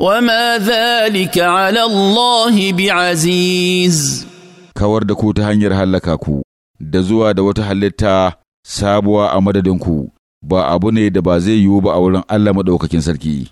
وما ذلك على الله بعزيز kawar da ku ta hanyar hallaka ku da zuwa da wata halitta sabuwa a madadinku ba abu ne da ba zai yiwu ba a wurin Allah maɗaukakin sarki.